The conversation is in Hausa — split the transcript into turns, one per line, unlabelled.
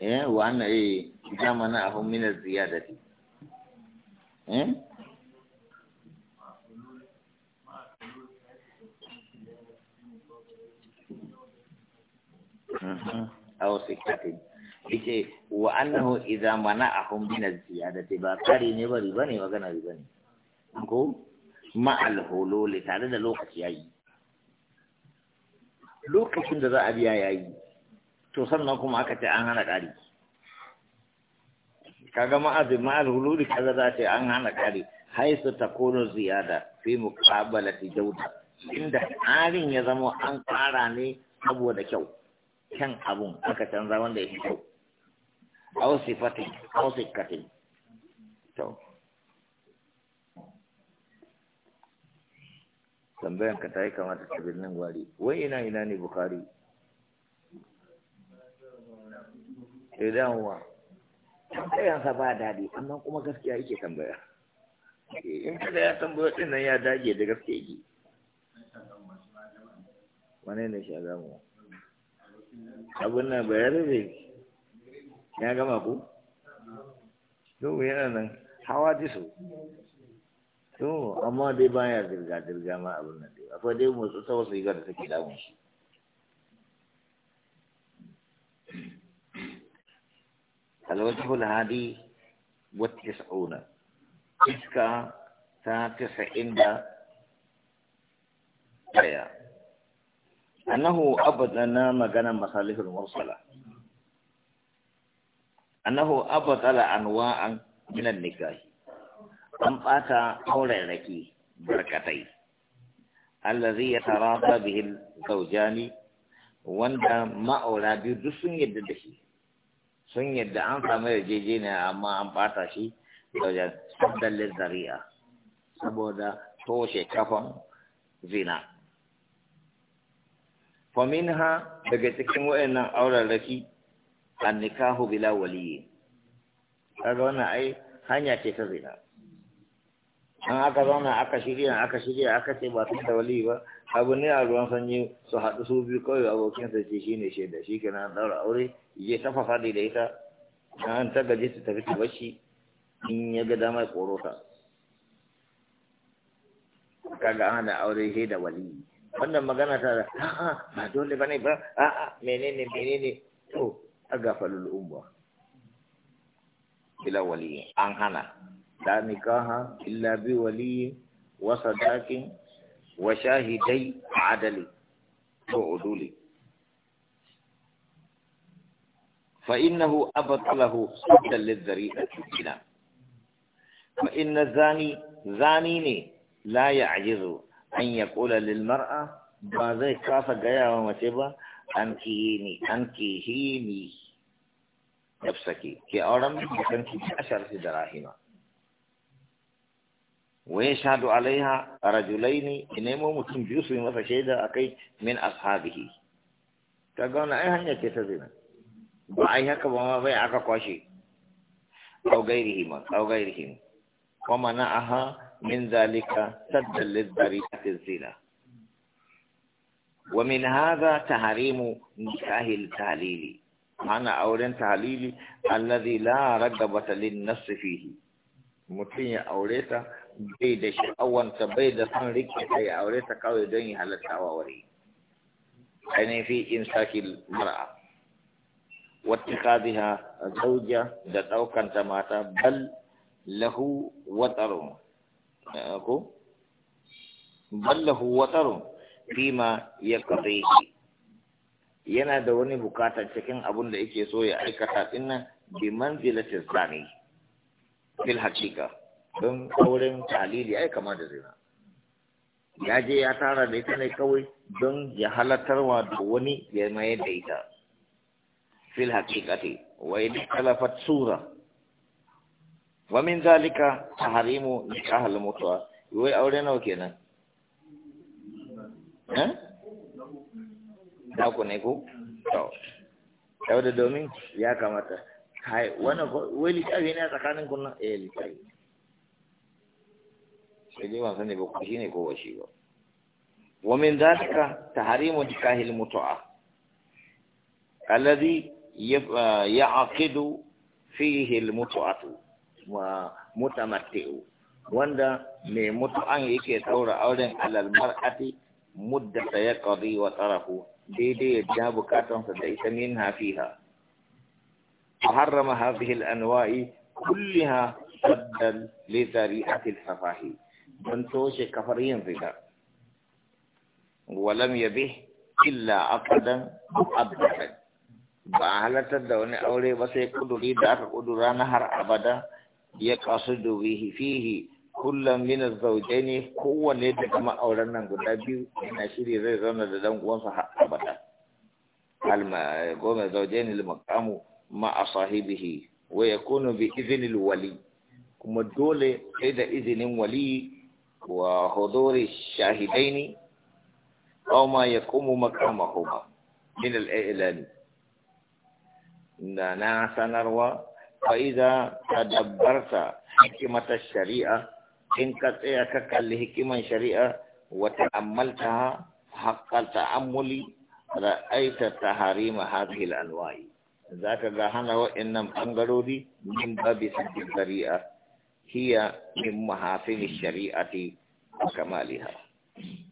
eh wa anna eh zamana ahum min az-ziyadati eh uh-huh. aw sikatin yace wa annahu idza mana'ahum min az-ziyadati ba kari ne ba riba ne magana riba ne ko ma al-hulul tare da lokaci yayi lokacin da za a biya yayi to sannan kuma aka ce an hana ƙari kaga ma'azi ma'al huludi kaza za ce an hana ƙari haisu ta kono ziyada fi muqabalati jauta. inda ƙarin ya zama an ƙara ne saboda kyau kyan abun aka canza wanda ya fi kyau aw sifatin aw sikkatin to tambayan ka ta yi kamata ta birnin gwari wai ina ina ne bukari 'yan sa ba daɗi amma kuma gaskiya yake tambaya eh, in kada ya tambaya din nan ya dage da gaskiya yake wane ne shi azamu abun abin ba ya rabe ya gama ku yau yana nan hawa diso to amma dai baya dirga dirga ma abin nan dai akwai dai mu ta wasu yi da take damun shi الوجه الهادي والتسعون تسكى تسعين آية أنه أبدا نام جنا مصالح المرسلة أنه أبدا أنواعا من النكاح أم أتى أولى لك بركتين الذي يتراضى به الزوجان وأنت ما أولى بدسن يددشي sun yadda an samu yarjejeniya amma an bata shi wajen saddalin zari'a saboda toshe kafan zina ha daga cikin auren raki, an nikahu bila waliyi kaga wannan ai hanya ce ta zina an aka zauna aka shirya aka shirya aka ce ba tun da wali ba abu ne a ruwan sanyi su haɗu su biyu kawai abokinsa ce ne shaida shi kenan ɗaura aure ya ta faɗi da ita na an ta gaje su tafi ta bashi in ya ga damar ta kaga ana aure shi da wali wannan magana ta da a'a ba dole bane ba a'a menene menene to a gafalul umma bila wali an hana da nikaha illa bi wali wa sadaqin wa shahidai adali to uduli فإنه أبطله سدا للذريعة بنا فإن الزاني زاني لا يعجز أن يقول للمرأة بعض كاف جايا ومتبا أنكيني أنكيهيني نفسك كي أورم بسنك عشر دراهم ويشهد عليها رجلين إنما متنجوس ومسا فشيدا أكيد من أصحابه كقولنا أي هنيا كتزنا ba a yi haka ba ma bai aka kwashe au gairihi ma au gairihi wa mana aha min zalika saddan lizzari a tinsila wa min haza taharimu nikahil tahlili hana auren tahlili allazi la ragabata lin nafsi fihi mutum ya aure ta bai da sha'awanta bai da son rike ta ya aure ta kawai don yi halatta wa wari ainihin fi in saki mar'a واتخاذها زوجة da ɗaukanta بل bal lahu بل Fima ya فيما يقضيه yana da wani bukatar cikin abun da yake so ya aikata dinnan bi manzilatis zani fil hakika don auren talili ai kama da zina ya je ya tara da ita ne kawai don ya halartarwa da wani ya mayar da ita في الحقيقة sura اختلفت صورة ومن ذلك تحريم نكاح المطوى يوي أولينا وكينا ها ناكو نيكو تو yau da domin ya kamata kai wani wai littafi ne a tsakanin kunna eh littafi sai dai ban sani ba shine ko e, washi ba wa min tahrimu alladhi آه، يعقد فيه المتعة ومتمتع وندا من متعة يكي تورا أولا على المرأة مدة يقضي وطرفه دي دي جاب كاتم سدعيس منها فيها حرم هذه الأنواع كلها صدا لذريعة الفصاحي من توش كفرين ذكا ولم يبه إلا عقدا أبدا ba a halartar da wani aure ba sai kuduri da aka kudura na har abada ya kasu dubihi fihi kullum min ne kowanne da kama auren nan guda biyu yana shiri zai zauna da dan uwansa har abada alma goma zawjaini al-maqamu ma sahibihi wa yakunu bi idhnil wali kuma dole sai da izinin wali wa huduri shahidaini aw ma yaqumu maqamahuma min al-i'lani نانا سنروا فإذا تدبرت حكمة الشريعة إن قطعك كل حكمة الشريعة وتأملتها حق التأمل رأيت تحريم هذه الأنواع ذاك الرحمن هو إنم أنقروا لي من باب سد الذريعة هي من محافل الشريعة وكمالها Thank